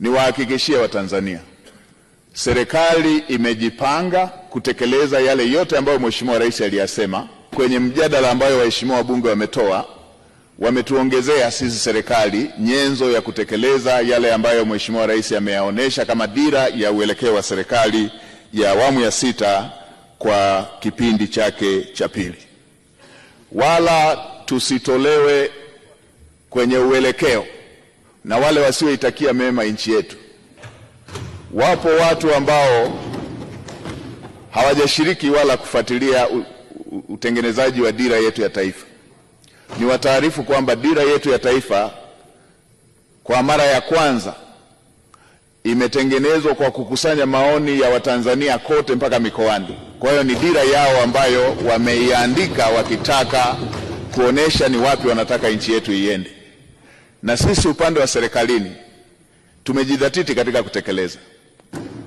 Niwahakikishie Watanzania, serikali imejipanga kutekeleza yale yote ambayo Mheshimiwa Rais aliyasema kwenye mjadala ambayo waheshimiwa wabunge wametoa. Wametuongezea sisi serikali nyenzo ya kutekeleza yale ambayo Mheshimiwa Rais ameyaonesha kama dira ya uelekeo wa serikali ya awamu ya sita kwa kipindi chake cha pili. Wala tusitolewe kwenye uelekeo na wale wasioitakia mema nchi yetu. Wapo watu ambao hawajashiriki wala kufuatilia utengenezaji wa dira yetu ya taifa. Ni wataarifu kwamba dira yetu ya taifa kwa mara ya kwanza imetengenezwa kwa kukusanya maoni ya Watanzania kote mpaka mikoani. Kwa hiyo ni dira yao ambayo wameiandika wakitaka kuonesha ni wapi wanataka nchi yetu iende na sisi upande wa serikalini tumejidhatiti katika kutekeleza.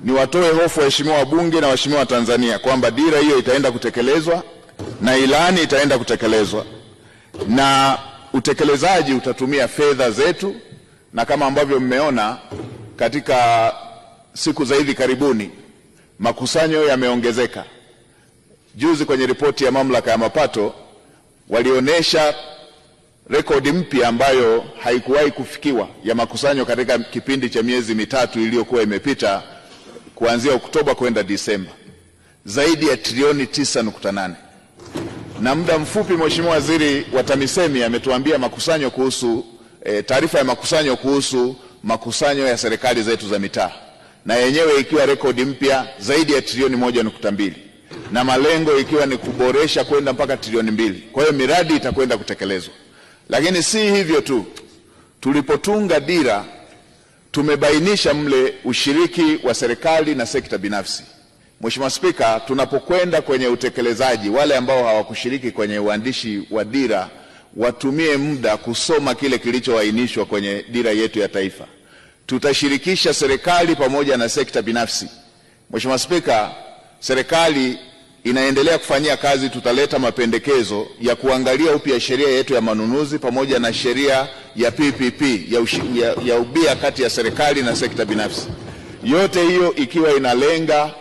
Niwatoe hofu waheshimiwa wabunge na waheshimiwa wa Tanzania kwamba dira hiyo itaenda kutekelezwa na ilani itaenda kutekelezwa na utekelezaji utatumia fedha zetu, na kama ambavyo mmeona katika siku za hivi karibuni makusanyo yameongezeka. Juzi kwenye ripoti ya mamlaka ya mapato walionyesha rekodi mpya ambayo haikuwahi kufikiwa ya makusanyo katika kipindi cha miezi mitatu iliyokuwa imepita kuanzia Oktoba kwenda Disemba, zaidi ya trilioni 9.8. Na muda mfupi Mheshimiwa Waziri wa TAMISEMI ametuambia makusanyo kuhusu e, taarifa ya makusanyo kuhusu makusanyo ya serikali zetu za mitaa, na yenyewe ikiwa rekodi mpya zaidi ya trilioni nukta mbili na malengo ikiwa ni kuboresha kwenda mpaka trilioni mbili. Kwa hiyo miradi itakwenda kutekelezwa. Lakini si hivyo tu, tulipotunga dira tumebainisha mle ushiriki wa serikali na sekta binafsi. Mheshimiwa Spika, tunapokwenda kwenye utekelezaji, wale ambao hawakushiriki kwenye uandishi wa dira watumie muda kusoma kile kilichoainishwa kwenye dira yetu ya taifa. Tutashirikisha serikali pamoja na sekta binafsi. Mheshimiwa Spika, serikali inaendelea kufanyia kazi. Tutaleta mapendekezo ya kuangalia upya sheria yetu ya manunuzi pamoja na sheria ya PPP ya, ushi, ya, ya ubia kati ya serikali na sekta binafsi, yote hiyo ikiwa inalenga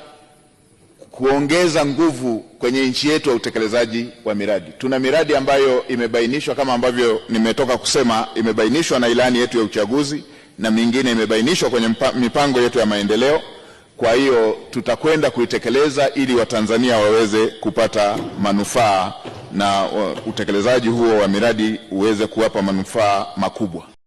kuongeza nguvu kwenye nchi yetu ya utekelezaji wa miradi. Tuna miradi ambayo imebainishwa kama ambavyo nimetoka kusema, imebainishwa na ilani yetu ya uchaguzi na mingine imebainishwa kwenye mipango yetu ya maendeleo. Kwa hiyo tutakwenda kuitekeleza ili Watanzania waweze kupata manufaa na uh, utekelezaji huo wa miradi uweze kuwapa manufaa makubwa.